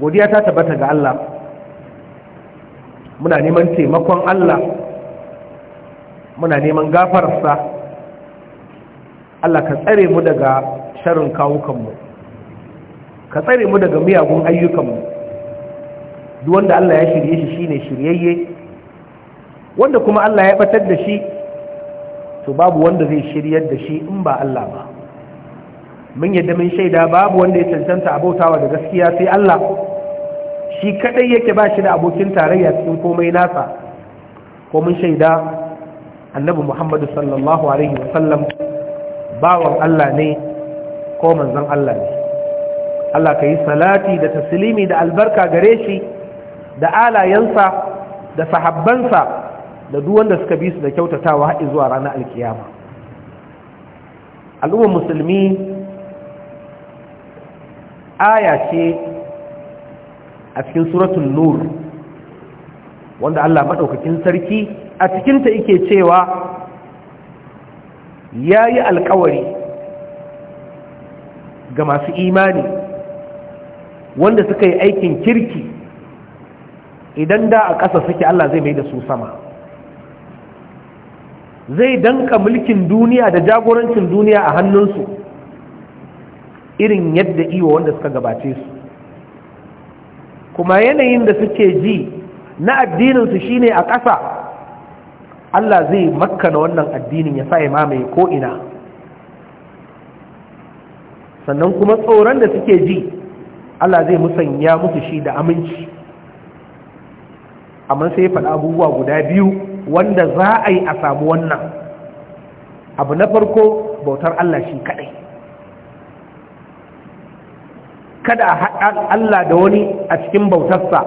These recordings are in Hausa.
godiya ta tabbata ga Allah muna neman taimakon Allah muna neman gafararsa Allah ka tsare mu daga sharin kawukanmu ka tsare mu daga miyagun ayyukanmu duk wanda Allah ya shirye shi shine shiryayye wanda kuma Allah ya batar da shi to babu wanda zai shiryar da shi in ba Allah ba mun yadda mun shaida babu wanda ya cancanta abautawa da gaskiya sai Allah shi kadai yake ba shi da abokin tarayya cikin komai nasa ko mun shaida annabi muhammadu sallallahu alaihi wasallam bawan Allah ne ko manzon Allah ne Allah ka yi salati da taslimi da albarka gare shi da alayensa da sahabbansa da duwanda suka bi su da kyautatawa haɗi zuwa ranar alkiyama al'ummar musulmi aya ce a cikin suratun nur wanda Allah madaukakin sarki a cikin ta yake cewa yi alkawari ga masu imani wanda suka yi aikin kirki idan da a ƙasa suke Allah zai mai da su sama zai danka mulkin duniya da jagorancin duniya a hannunsu irin yadda iwa wanda suka gabace su kuma yanayin da suke ji na addininsu shine a ƙasa Allah zai makkana wannan addinin ya sa ya mamaye ko'ina sannan kuma tsoron da suke ji Allah zai musanya musu shi da aminci amma sai faɗa abubuwa guda biyu wanda za a yi a samu wannan abu na farko bautar Allah shi kaɗai kada a haɗa Allah da wani a cikin bautarsa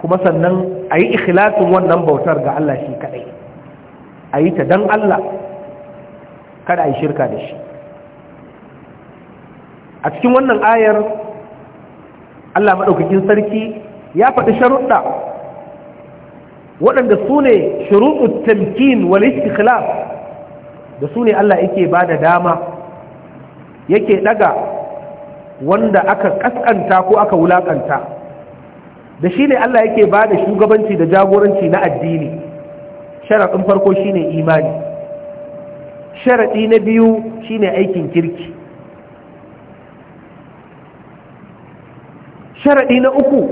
kuma sannan a yi ikhlasin wannan bautar ga Allah shi kaɗai a yi ta don Allah kada a yi shirka da shi a cikin wannan ayar Allah maɗaukakin sarki ya faɗi sharuɗa waɗanda su ne shuruɗu tamkin wal da su ne Allah yake ba da dama yake ɗaga wanda aka kaskanta ko aka wulakanta da shi ne Allah yake ba da shugabanci da jagoranci na addini sharaɗin farko shi ne imani sharaɗi na biyu shi ne aikin kirki sharaɗi na uku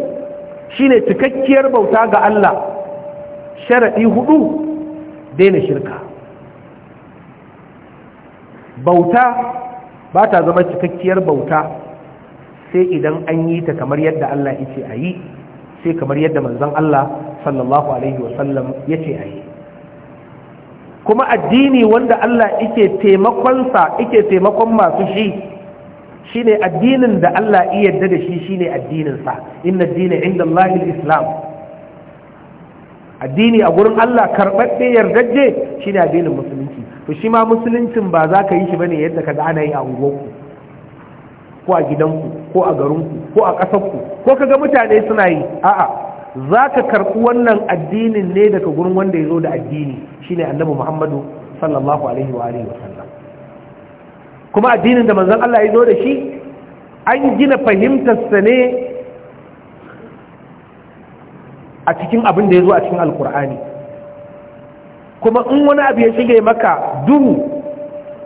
shi ne cikakkiyar bauta ga Allah sharaɗi hudu daina shirka bauta ba ta zama cikakkiyar bauta sai idan an yi ta kamar yadda Allah ya ce a yi sai kamar yadda manzon Allah sallallahu alaihi wasallam ya ce a yi kuma addini wanda Allah yake taimakonsa yake taimakon masu shi shine addinin da Allah iya yarda da shi shine addininsa inna ad-dina 'inda Allah al-islam addini a gurin Allah karɓaɓɓe yardajje shine addinin musulunci to shi ma musuluncin ba za ka yi shi bane yadda ka ana yi a unguwarku ko a gidanku ko a garinku ko a ƙasarku ko kaga mutane suna yi a'a za ka karɓi wannan addinin ne daga gurin wanda ya zo da addini shine annabi muhammadu sallallahu alaihi wa alihi wasallam kuma addinin da manzon Allah ya zo da shi an gina fahimtarsa ne a cikin abin da ya zo a cikin alkur'ani kuma in wani abu ya shige maka duhu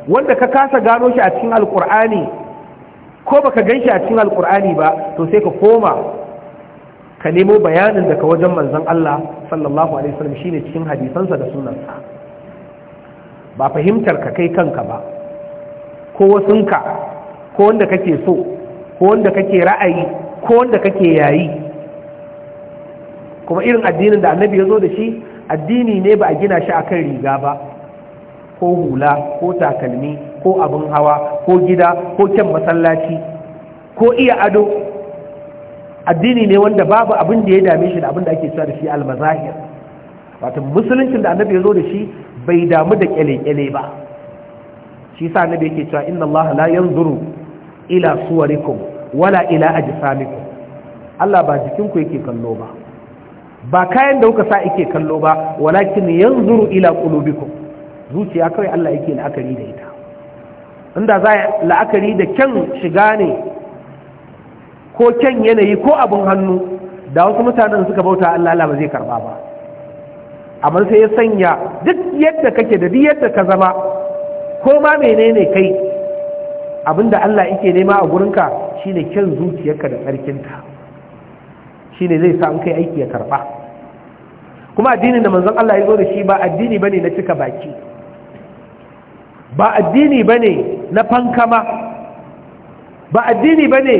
wanda ka kasa gano shi a cikin alkur'ani ko baka gan shi a cikin alkur'ani ba to sai ka koma ka nemo bayanin daga wajen manzon Allah sallallahu alaihi wasallam shine cikin hadisansa da sunansa ba fahimtar ka kai kanka ba ko wasun ka, ko wanda kake so ko wanda kake ra'ayi ko wanda kake yayi kuma irin addinin da annabi ya zo da shi addini ne ba a gina shi akan riga ba ko hula ko takalmi ko abin hawa ko gida ko kyan masallaci ko iya ado addini ne wanda babu abin da ya dame shi da abin da ake cewa da shi almazahir wato musuluncin da annabi ya zo da shi bai damu da kyale-kyale ba shi sa annabi yake cewa inna Allah la yanzuru ila suwarikum wala ila ajsamikum Allah ba jikinku yake kallo ba ba kayan da kuka sa yake kallo ba walakin yanzuru ila qulubikum zuciya kai Allah yake la'akari da ita inda za a la'akari da kyan shiga ne ko kyan yanayi ko abin hannu da wasu mutanen suka bauta Allah Allah ba zai karba ba amma sai ya sanya duk yadda kake da duk yadda ka zama ko ma menene kai abinda Allah yake nema a gurinka shine kyan zuciyarka da tsarkinka shine zai sa an kai aiki ya karba kuma addinin da manzon Allah ya zo da shi ba addini bane na cika baki ba addini bane. na fankama ba addini ba ne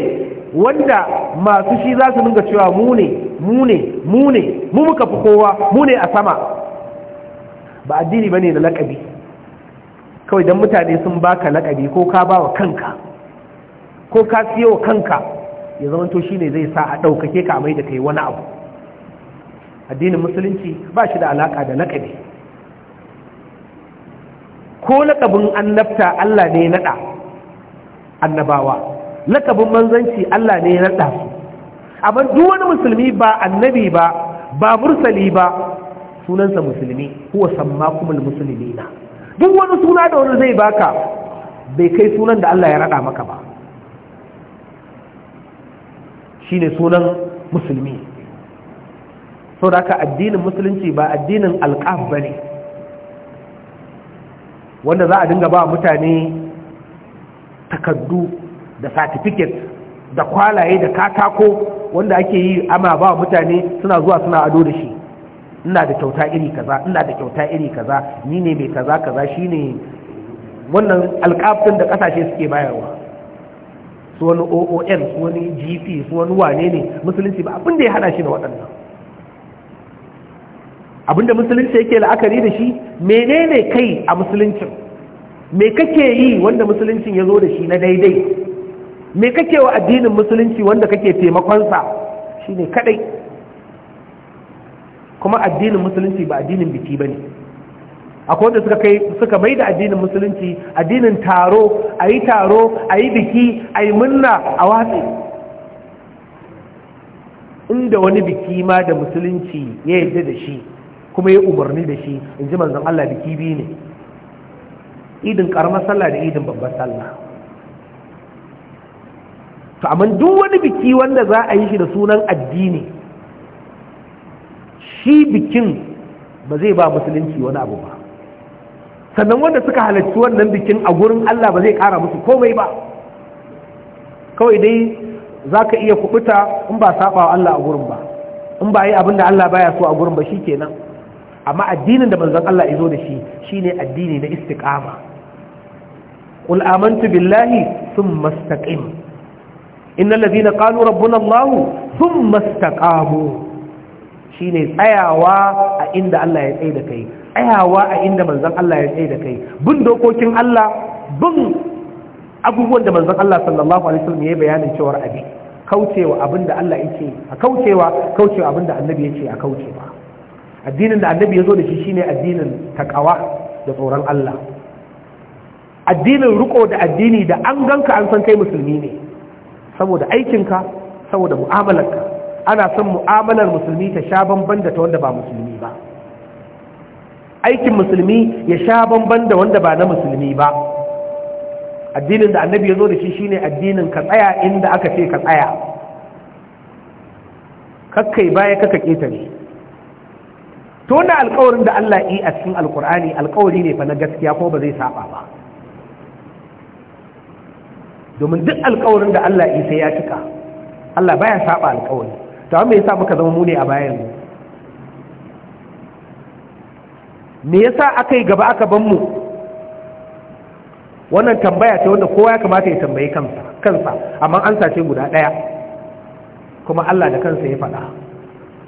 wanda masu shi za su nunga cewa mu ne mu ne mu ne mu muka fi kowa mu ne a sama ba addini ba ne na lakabi kawai don mutane sun baka lakabi ko ka ba wa kanka ko ka siyo wa kanka ya zamanto shi ne zai sa a ɗaukake ka mai da kai wani abu addinin musulunci ba shi da alaka da lakabi ko lakabin annabta Allah ne naɗa annabawa lakabin manzanci Allah ne naɗa su amma duk wani musulmi ba annabi ba ba mursali ba sunansa musulmi huwa musulmi na. duk wani suna da wani zai baka bai kai sunan da Allah ya raɗa maka ba ne sunan musulmi saboda haka addinin musulunci ba addinin alƙaf bane wanda za a dinga ba mutane takardu da certificate da kwalaye da katako wanda ake yi ama ba mutane suna zuwa suna ado da shi ina da kyauta iri kaza ina da kyauta iri kaza ni ne mai kaza kaza shine wannan alƙafin da kasashe suke bayarwa su wani oon su wani gp su wani wane ne musulunci ba abin da ya hana shi da waɗannan abinda musulunci yake la'akari da shi menene kai a musuluncin me kake yi wanda musuluncin ya zo da shi na daidai me kake wa addinin musulunci wanda kake taimakonsa shi ne kadai kuma addinin musulunci ba addinin biki ba ne akwai wanda suka kai suka mai da addinin musulunci addinin taro a yi taro a yi biki a yi munna a watsi inda wani biki ma da musulunci ya yi da shi kuma ya umarni da shi in ji manzon Allah biki biyu ne idin karamar sallah da idin babbar sallah to amma duk wani biki wanda za a yi shi da sunan addini shi bikin ba zai ba musulunci wani abu ba sannan wanda suka halarci wannan bikin a gurin Allah ba zai kara musu komai ba kawai dai za ka iya kubuta in ba saba wa Allah a gurin ba in ba yi abin da Allah baya so a gurin ba shi kenan amma addinin da manzon Allah ya zo da shi shine addini na istiqama qul amantu billahi thumma istaqim innal ladhina qalu rabbuna Allah thumma istaqamu shine tsayawa a inda Allah ya tsaye da kai tsayawa a inda manzon Allah ya tsaye da kai bin dokokin Allah bin abubuwan da manzon Allah sallallahu alaihi wasallam ya bayanin cewa abi kaucewa abinda Allah yake a kaucewa kaucewa abinda annabi yake a kaucewa addinin da annabi ya zo da shi shine addinin takawa da tsoron Allah addinin riko da addini da an ganka an san kai musulmi ne saboda aikinka saboda mu'amalarka ana son mu'amalar musulmi ta sha bamban da ta wanda ba musulmi ba aikin musulmi ya sha bamban da wanda ba na musulmi ba addinin da annabi ya zo da shi shine addinin ka tsaya inda aka ce ka tsaya kakkai baya kaka ketare to wannan alkawarin da Allah yi a cikin alkur'ani alkawari ne fa na gaskiya ko ba zai saba ba domin duk alkawarin da Allah yi sai ya cika Allah baya saba alkawari to amma yasa muka zama mu ne a bayan mu me yasa aka yi gaba aka ban mu wannan tambaya ce wanda kowa ya kamata ya tambayi kansa kansa amma an sace guda daya kuma Allah da kansa ya faɗa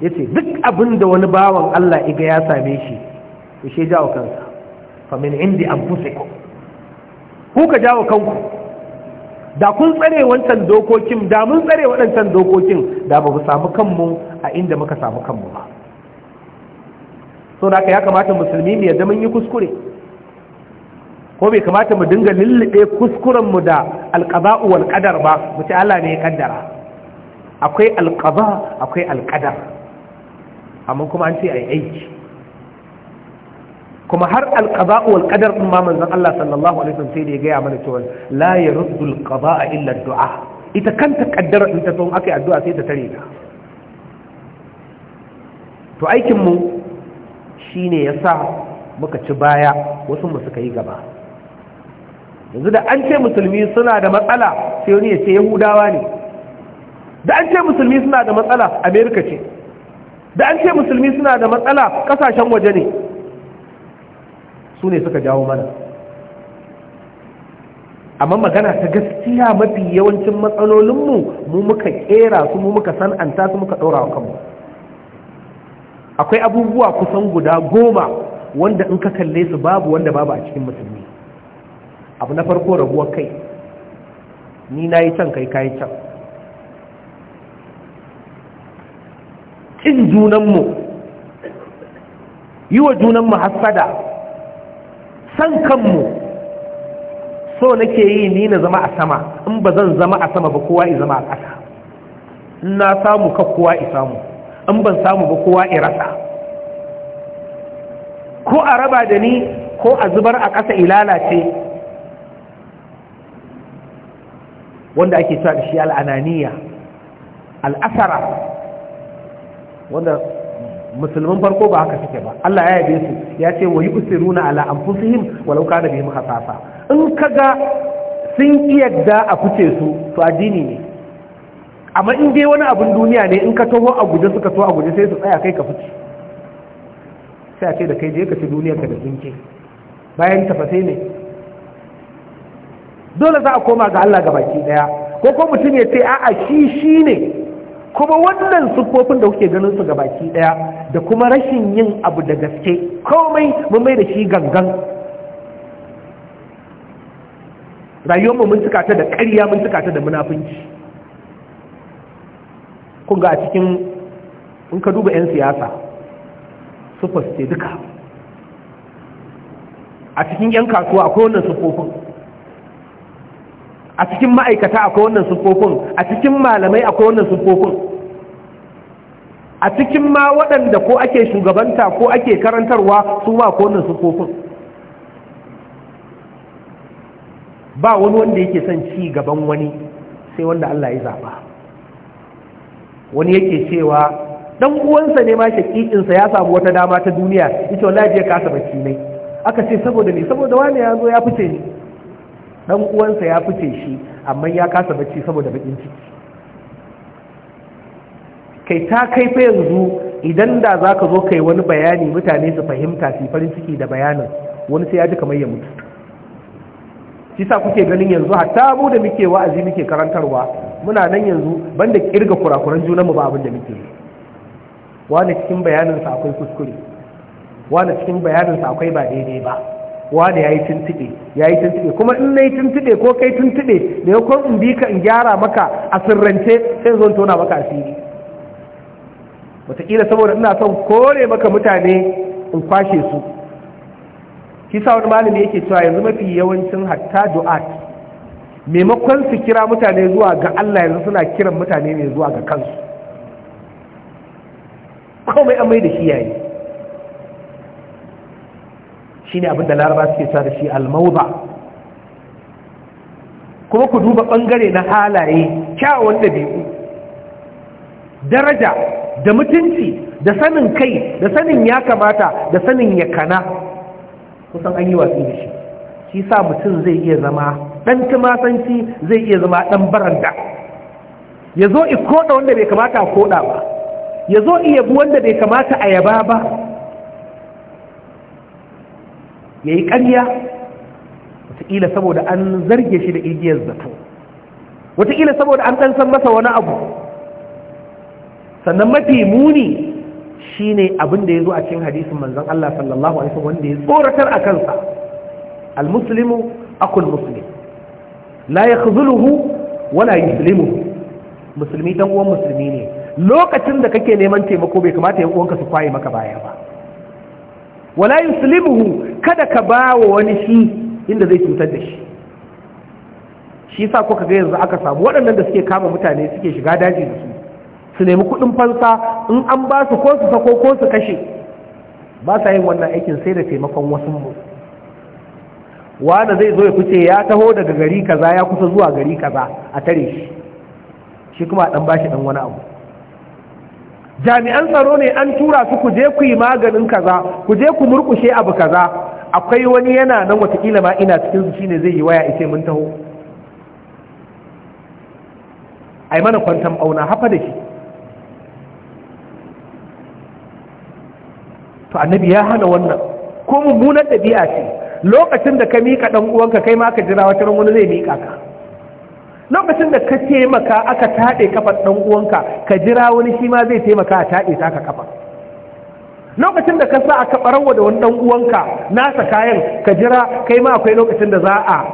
ya ce duk abin da wani bawan Allah iga ya same shi ya she jawo kansa famin indi an fuse ku ku ka jawo kanku da kun tsare wancan dokokin da mun tsare waɗancan dokokin da ba ku samu kanmu a inda muka samu kanmu ba so da ya kamata musulmi mu yadda mun yi kuskure ko bai kamata mu dinga lullube kuskurenmu da alƙaba'u wal ƙadar ba mu ce Allah ne ya ƙaddara akwai alƙaba akwai alƙadar amma kuma an ce a yi aiki kuma har alƙaba'u wal qadar din ma manzon Allah sallallahu alaihi wasallam sai da ya gaya mana cewa la yaruddu alqada'a illa du'a ita kanta ƙaddara in ta zo aka yi addu'a sai ta tare ta to aikin mu shine yasa muka ci baya wasu mu suka yi gaba yanzu da an ce musulmi suna da matsala sai wani ya ce yahudawa ne da an ce musulmi suna da matsala amerika ce da an ce musulmi suna da matsala kasashen waje ne su ne suka jawo mana amma magana ta gaskiya mafi yawancin matsalolinmu mu muka kera su mu muka san'anta su muka ɗora wa kanmu akwai abubuwa kusan guda goma wanda in ka kalle su babu wanda babu a cikin musulmi abu na farko rabuwar kai ni na yi can kai kayi can ƙin junanmu yi wa junanmu hasada san kanmu so nake yi ni na zama a sama in ba zan zama a sama ba kowa i zama a ƙasa na samu ka kowa i samu in ban samu ba kowa i rasa ko a raba da ni ko a zubar a ƙasa ilalace wanda ake cewa da shi al'ananiya al'asara wanda musulman farko ba haka suke ba Allah ya yabe su ya ce wa yusiruna ala anfusihim walau kana bihim hasasa in kaga sun yadda a fice su to addini ne amma in dai wani abin duniya ne in ka taho a guje suka taho a guje sai su tsaya kai ka fice sai a ce da kai je ka ci duniyar ka da zinke bayan tafasai ne dole za a koma ga Allah gabaki daya ko ko mutum ya ce a'a shi shi ne kuma wannan siffofin da kuke ganin su ga baki daya da kuma rashin yin abu da gaske komai mun mai da shi gangan rayuwarmu mun suka ta da ƙarya mun suka ta da munafunci kun ga a cikin in ka duba 'yan siyasa siffar duka a cikin 'yan kasuwa akwai wannan siffofin a cikin ma'aikata akwai wannan sufofin, a cikin malamai akwai wannan sufofin, a cikin ma waɗanda ko ake shugabanta ko ake karantarwa su ma kowannan wannan ba wani wanda yake son ci gaban wani sai wanda Allah ya zaɓa wani yake cewa ɗan uwansa ne ma shaƙiƙinsa ya samu wata dama ta duniya ita wallahi ya kasa bacci ne aka ce saboda ne saboda wani ya zo ya fice ni dan uwansa ya fice shi amma ya kasa bacci saboda bakin ciki kai ta kai fa yanzu idan da zaka zo kai wani bayani mutane su fahimta su farin ciki da bayanin wani sai ya ji kamar ya mutu shi sa kuke ganin yanzu hatta mu da muke wa'azi muke karantarwa muna nan yanzu banda kirga kurakuran junanmu ba abin da muke yi wani cikin bayaninsa akwai kuskure wani cikin bayaninsa akwai ba daidai ba wani ya yi tuntuɗe ya yi tuntuɗe kuma in na yi tuntuɗe ko kai tuntuɗe da ya kwan in bi ka in gyara maka a sirrance sai zo tona maka asiri wataƙila saboda ina son kore maka mutane in kwashe su kisa wani malami yake cewa yanzu mafi yawancin hatta du'at maimakon su kira mutane zuwa ga Allah yanzu suna kiran mutane ne zuwa ga kansu komai amai da shi yayi shine abin da laraba suke sa da shi almauza kuma ku duba bangare na halaye kyawun ɗabi'u daraja da mutunci da sanin kai da sanin ya kamata da sanin ya kana kusan an yi watsi da shi shi sa mutum zai iya zama ɗan tumatanci zai iya zama ɗan baranda ya zo ikoda wanda bai kamata a koda ba ya zo iya bu wanda bai kamata a yaba ba ya yi ƙarya wataƙila saboda an zarge shi da igiyar zato wataƙila saboda an ɗan san masa wani abu sannan mafi muni shi ne abin da ya zo a cikin hadisin manzan Allah sallallahu Alaihi wanda ya tsoratar a kansa al-muslimu akul muslim la ya khuzuluhu wala yuslimu musulmi dan uwan musulmi ne lokacin da kake neman taimako bai kamata yan uwanka su kwaye maka baya ba wala yuslimuhu kada ka ba wa wani shi inda zai cutar da shi shi yasa kuka ga yanzu aka samu waɗannan da suke kama mutane suke shiga daji da su su nemi kuɗin fansa in an ba su ko su sako ko su kashe ba sa yin wannan aikin sai da taimakon wasu mu wanda zai zo ya fice ya taho daga gari kaza ya kusa zuwa gari kaza a tare shi shi kuma dan bashi ɗan wani abu jami'an tsaro ne an tura su ku je ku yi maganin kaza ku je ku murkushe abu kaza akwai wani yana nan watakila ma ina cikin su shine zai yi waya ice mun taho ai mana kwantan auna hafa da shi to annabi ya hana wannan ko mummunar ɗabi'a ce lokacin da ka miƙa ɗan uwanka kai ma ka jira wata ran wani zai miƙa ka lokacin da ka taimaka aka taɗe kafar ɗan uwanka ka jira wani shi ma zai taimaka a taɗe ta ka kafa lokacin da ka sa aka ɓarawa da wani ɗan uwanka nasa kayan ka jira kai ma akwai lokacin da za a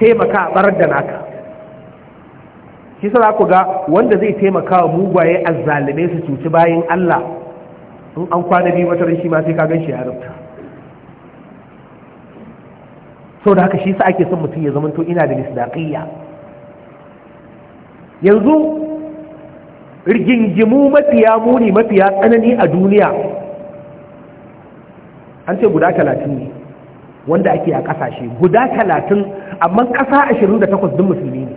taimaka a ɓarar da naka shi sa za ku ga wanda zai taimaka wa mugwaye zalime su cuci bayan Allah in an kwana biyu wata shi ma sai ka gan shi ya rubuta sau da haka shi sa ake son mutum ya zamanto ina da misdaƙiyya yanzu rigingimu mafiya muni mafiya tsanani a duniya an ce guda talatin ne wanda ake a kasashe guda talatin amma ƙasa ashirin da takwas din musulmi ne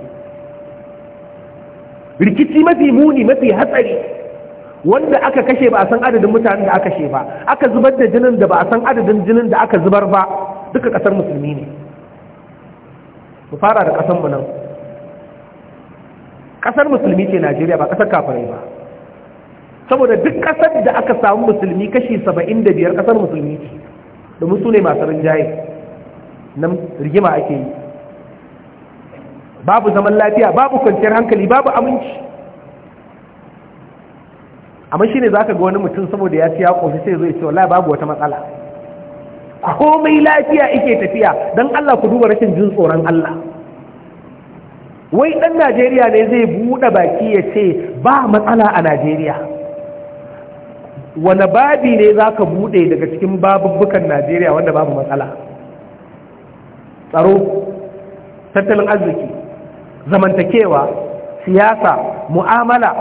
rikici mafi muni mafi hatsari wanda aka kashe ba a san adadin mutanen da aka kashe ba aka zubar da jinin da ba a san adadin jinin da aka zubar ba duka ƙasar musulmi ne mu fara da ƙasar mu nan kasar musulmi ce najeriya ba kasar kafirai ba saboda duk kasar da aka samu musulmi kashi saba'in da biyar kasar musulmi ce domin su ne masu rinjaye na rigima ake yi babu zaman lafiya babu kwanciyar hankali babu aminci amma shine za ka ga wani mutum saboda ya ci ya kofi sai zai ce wallahi babu wata matsala komai lafiya ike tafiya don Allah ku duba rashin jin tsoron Allah wai ɗan najeriya ne zai buɗe baki ya ce ba matsala a najeriya wane babi ne za ka buɗe daga cikin babubbukan najeriya wanda babu matsala tsaro tattalin arziki zamantakewa siyasa mu'amala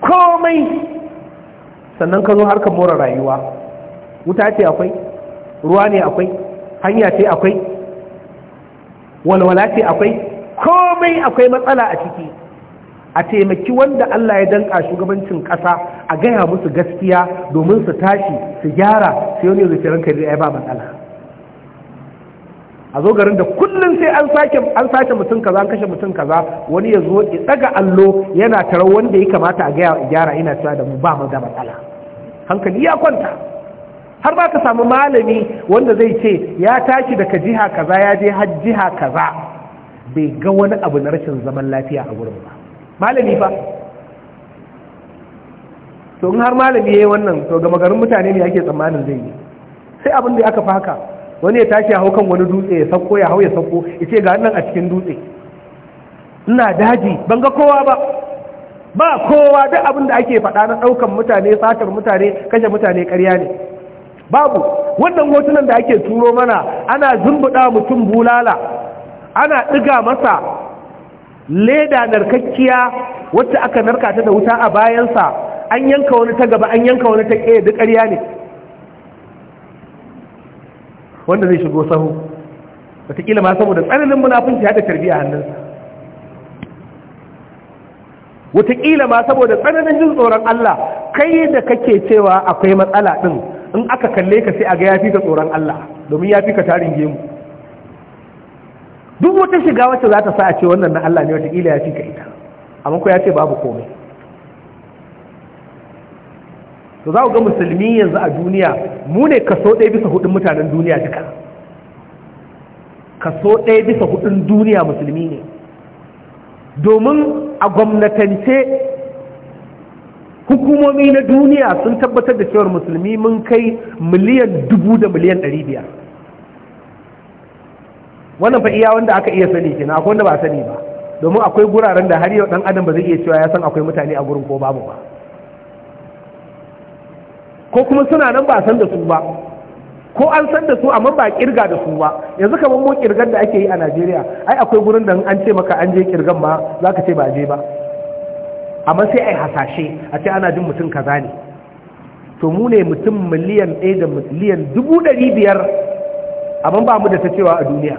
komai sannan ka zo harkar more rayuwa wuta ce akwai ruwa ne akwai hanya ce akwai walwala ce akwai komai akwai matsala a ciki a taimaki wanda Allah ya danka shugabancin ƙasa a gaya musu gaskiya domin su tashi su gyara sai wani zuciyar ranka ya ba matsala a zo garin da kullum sai an sake an sace mutum kaza an kashe mutum kaza wani ya zo ya tsaga allo yana tarar wanda ya kamata a gaya gyara ina cewa da mu ba mu da matsala hankali ya kwanta har ba ka samu malami wanda zai ce ya tashi daga jiha kaza ya je har jiha kaza bai ga wani abu na rashin zaman lafiya a gurin ba malami ba to in har malami ya yi wannan to gama garin mutane ne yake tsammanin zai yi sai abin da aka faka wani ya tashi ya hau kan wani dutse ya sauko ya hau ya sauko ya ce ga nan a cikin dutse ina daji ban ga kowa ba ba kowa duk abin da ake faɗa na ɗaukan mutane satar mutane kashe mutane ƙarya ne babu wannan hotunan da ake turo mana ana zumbuɗa mutum bulala ana ɗiga masa leda narkakkiya wacce aka narka ta da wuta a bayansa an yanka wani ta gaba an yanka wani ta ƙe duk ƙarya ne wanda zai shigo sahu wataƙila ma saboda tsananin munafunci haɗa a hannunsa wataƙila ma saboda tsananin jin tsoron Allah kai da kake cewa akwai matsala ɗin in aka kalle ka sai a ga ya fi ka tsoron Allah domin ya fi ka tarin gemu duk wata shiga wacce za ta sa a ce wannan na Allah ne wataƙila ya fi ka ita amma ko ya ce babu komai to za ku ga musulmi yanzu a duniya mu ne kaso ɗaya bisa hudun mutanen duniya duka kaso ɗaya bisa hudun duniya musulmi ne domin a gwamnatance hukumomi na duniya sun tabbatar da cewar musulmi mun kai miliyan dubu da miliyan ɗari biyar wannan fa iya wanda aka iya sani kenan akwai wanda ba sani ba domin akwai guraren da har yau dan adam ba zai iya cewa ya san akwai mutane a gurin ko babu ba ko kuma suna nan ba san da su ba ko an san da su amma ba kirga da su ba yanzu kamar mu kirgan da ake yi a Najeriya ai akwai gurin da an ce maka an je kirgan za ka ce ba je ba amma sai ai hasashe a ce ana jin mutum kaza ne to mu ne mutum miliyan 1 da miliyan 500 amma ba mu da ta cewa a duniya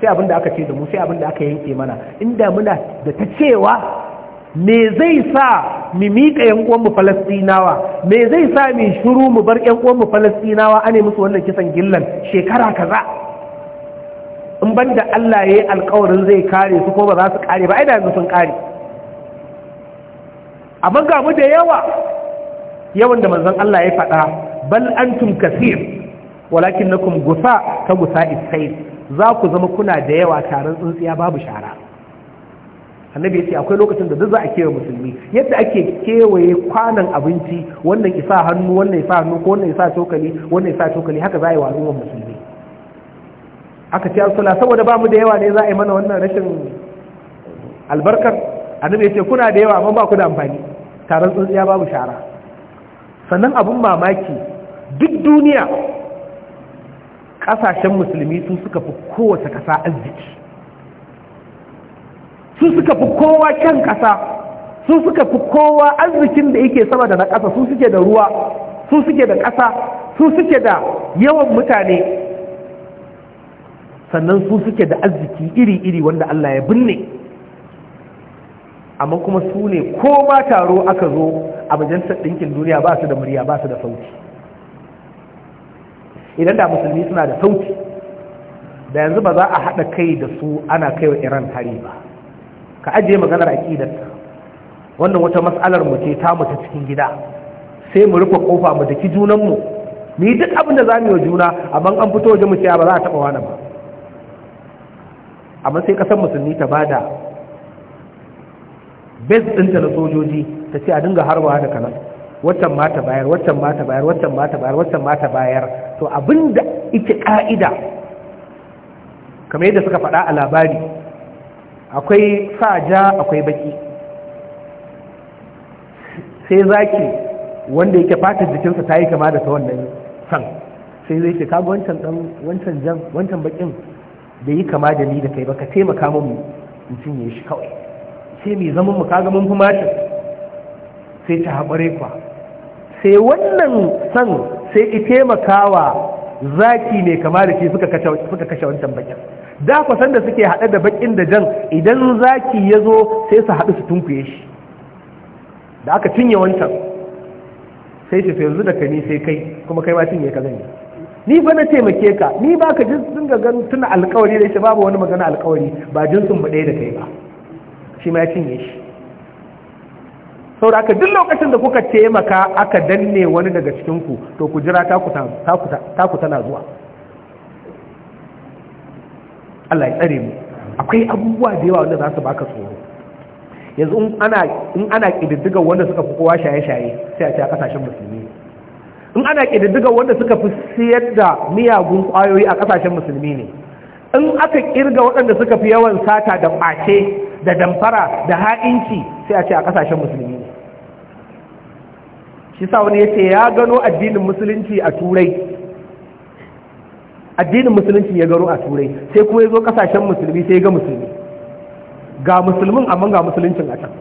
sai abin da aka ce da mu sai abin da aka yanke mana inda muna da ta cewa me zai sa mu miƙa yan uwanmu falastinawa me zai sa mu shiru mu bar yan uwanmu falastinawa ane musu wannan kisan gillan shekara kaza in banda Allah ya yi alkawarin zai kare su ko ba za su kare ba ai da yanzu sun kare amma ga mu da yawa yawan da manzon Allah ya faɗa bal antum kaseer walakin nakum gusa ka gusa isai za ku zama kuna da yawa taron tsuntsiya babu shara annabi ya ce akwai lokacin da duk za a kewaye musulmi yadda ake kewaye kwanan abinci wannan isa hannu wannan isa hannu ko wannan isa cokali wannan isa cokali haka za a yi wa al'ummar musulmi aka ce alsula saboda ba mu da yawa ne za a yi mana wannan rashin albarkar annabi ya ce kuna da yawa amma ba ku da amfani taron tsuntsiya babu shara sannan abin mamaki duk duniya ƙasashen musulmi su suka fi kowace ƙasa arziki su suka fi kowa kyan ƙasa su suka fi kowa arzikin da yake sama da na ƙasa su suke da ruwa su suke da ƙasa su suke da yawan mutane sannan su suke da arziki iri-iri wanda Allah ya binne amma kuma su ne ko ba taro aka zo a majalisar ɗinkin duniya ba su da murya ba su da sauti idan da musulmi suna da sauti, da yanzu ba za a haɗa kai da su ana kai wa iran hari ba ka ajiye maganar aƙidarta wannan wata matsalar mu ce ta mutu cikin gida sai mu rufe kofa mu daki junanmu mu yi duk abin da za mu yi wa juna amma an fito waje mu ce ba za a taɓa wani ba amma sai kasar musulmi ta bada best ɗinta na sojoji ta ce a dinga harbawa da kanan watan ma ta bayar watan ma ta bayar watan ma ta bayar watan ma ta bayar to abinda ita ka'ida kamar yadda suka faɗa a labari akwai ja akwai baki sai zaki wanda yake fatar jikinsa ta yi kama da ta wannan san sai zai ce kaga wancan dan wancan jan wancan bakin da yi kama da ni da kai baka taimaka mun in cinye shi kawai sai mai zaman mu kaga mun fi matan, sai ta haɓare kwa sai wannan san sai i taimakawa zaki ne kama da ke suka kashe wancan bakin da kwasan da suke haɗe da bakin da jan idan zaki ya zo sai su haɗu su tunkuye shi da aka cinye wancan sai shi yanzu da kani sai kai kuma kai ma cinye ka zanyi ni ba na taimake ka ni ba ka sun ga gan tuna alkawari da shi babu wani magana alkawari ba jinsun mu ɗaya da kai ba shi ma ya cinye shi saboda aka duk lokacin da kuka taimaka aka danne wani daga cikinku to ku jira taku tana zuwa Allah ya tsare mu akwai abubuwa da yawa wanda za su baka tsoro yanzu in ana ƙididdiga wanda suka fi kowa shaye-shaye sai a ce a ƙasashen musulmi in ana ƙididdiga wanda suka fi siyar da miyagun ƙwayoyi a ƙasashen musulmi ne in aka ƙirga waɗanda suka fi yawan sata da ɓace da damfara da ha'inci sai a ce a ƙasashen musulmi shi sa wani ya ce ya gano addinin musulunci a turai addinin musulunci ya gano a turai sai kuma ya zo kasashen musulmi sai ga musulmi ga musulmin amma ga musuluncin a can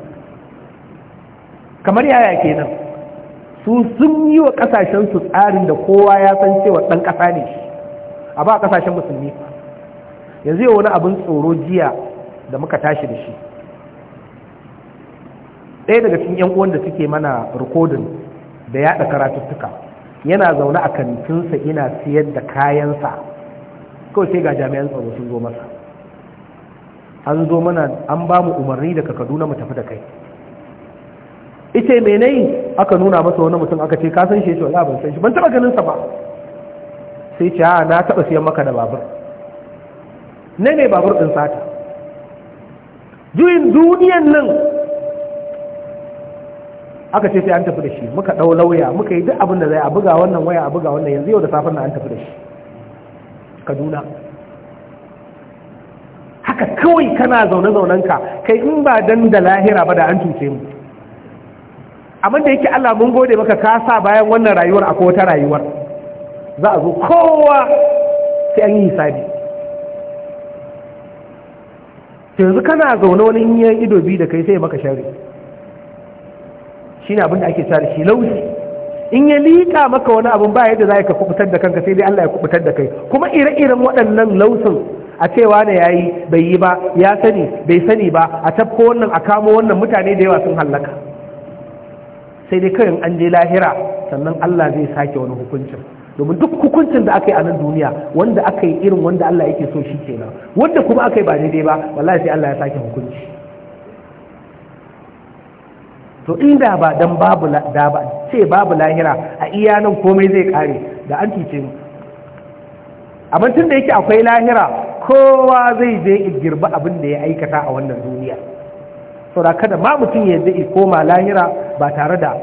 kamar yaya kenan su sun yi wa kasashen su tsarin da kowa ya san cewa dan kasa ne a ba kasashen musulmi yanzu yau wani abin tsoro jiya da muka tashi da shi ɗaya daga cikin 'yan uwan da suke mana rikodin da yaɗa karatuttuka yana zaune a kantinsa ina siyar da kayansa kawai sai ga jami'an tsaro sun zo masa an zo mana an ba mu umarni daga kaduna mu tafi da kai ita mai nayi aka nuna masa wani mutum aka ce kasan shi ya ce ban san shi ban taɓa ganin ba sai ce a na taba siyan maka da babur ne ne babur ɗin sata juyin duniyan nan aka ce sai an tafi da shi muka ɗau lauya muka yi duk abin da zai a buga wannan waya a buga wannan yanzu yau da safin na an tafi da shi kaduna haka kawai kana zaune-zaunenka kai in ba dan da lahira ba da an cuce mu amma da yake Allah mun gode maka ka sa bayan wannan rayuwar akwai wata rayuwar za a zo kowa sai an yi hisabi yanzu kana zaune wani in ido biyu da kai sai maka shari'a shine abin da ake da shi Lausi. in ya liƙa maka wani abin ba yadda za ka kubutar da kanka sai dai Allah ya kubutar da kai kuma ire-iren waɗannan lausin a cewa ne yayi bai yi ba ya sani bai sani ba a tafko wannan a kamo wannan mutane da yawa sun hallaka sai dai kawai an je lahira sannan Allah zai sake wani hukuncin domin duk hukuncin da aka yi a nan duniya wanda aka yi irin wanda Allah yake so shi kenan wanda kuma aka yi ba daidai ba wallahi sai Allah ya sake hukunci to inda ba dan babu da ba ce babu lahira a iya nan komai zai kare da an cuce mu amma tun da yake akwai lahira kowa zai je girba abin da ya aikata a wannan duniya da kada ma mutum ya je koma lahira ba tare da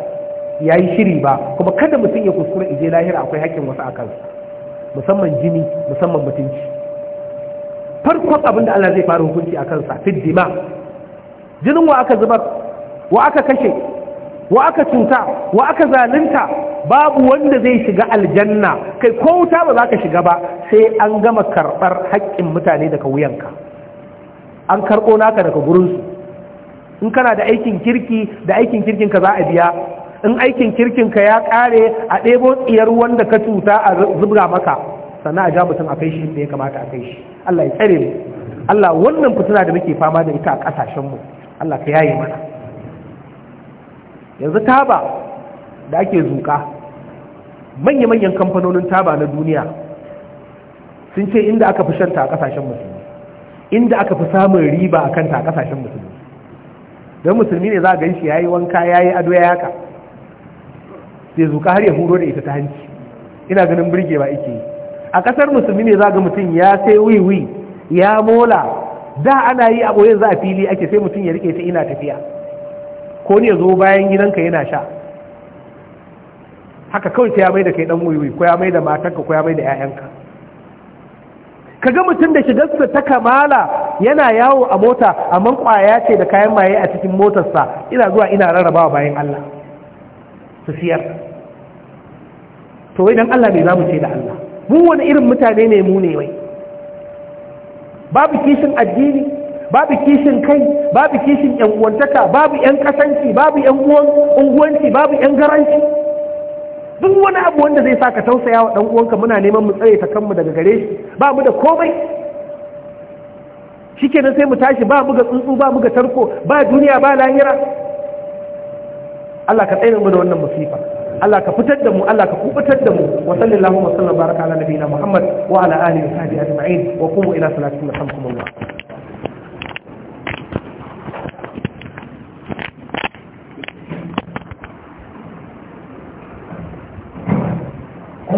ya yi shiri ba kuma kada mutum ya kuskura ije lahira akwai hakkin wasu akan musamman jini musamman mutunci farkon abin da Allah zai fara hukunci a kansa fiddima jinin wa aka zubar wa aka kashe wa aka cuta wa aka zalunta babu wanda zai shiga aljanna kai ko wuta ba za ka shiga ba sai an gama karɓar haƙƙin mutane daga wuyanka an karɓo naka daga gurinsu in kana da aikin kirki da aikin kirkinka za a biya in aikin kirkin ka ya ƙare a ɗebo tsiyar wanda ka cuta a zubra maka sannan a ja mutum a kai shi da ya kamata a kai shi Allah ya tsare mu Allah wannan fitina da muke fama da ita a ƙasashenmu Allah ka yaye mana yanzu taba da ake zuka manya-manyan kamfanonin taba na duniya sun ce inda aka fi shanta a kasashen musulmi inda aka fi samun riba a kanta a kasashen musulmi don musulmi ne za a ganshi ya yi wanka ya yi ado ya yaka sai zuka har ya huro da ita ta hanci ina ganin birgewa ike yi a kasar musulmi ne za ga mutum ya sai wiwi ya mola da ana yi a ɓoye za a fili ake sai mutum ya rike ta ina tafiya ko ne zo bayan gidanka yana sha haka kawai sai ya mai da kai dan wuyi ko ya mai da matanka ko ya mai da ƴaƴanka kaga mutum da shigarsa ta kamala yana yawo a mota amma kwaya ce da kayan maye a cikin motarsa ina zuwa ina rarrabawa bayan Allah su siyar to idan Allah ne za mu ce da Allah mu wani irin mutane ne mu ne wai babu kishin addini babu kishin kai babu kishin yan uwantaka babu yan kasanci babu yan unguwanci babu yan garanci duk wani abu wanda zai saka tausaya wa dan uwanka muna neman mu tsare ta kanmu daga gare shi ba mu da komai shikenan sai mu tashi ba mu ga tsuntsu ba mu ga tarko ba duniya ba lahira Allah ka tsare mu da wannan musifa Allah ka fitar da mu Allah ka kubutar da mu wa sallallahu wa sallam baraka ala nabiyina Muhammad wa ala alihi wa sahbihi ajma'in wa qumu ila salatikum alhamdulillah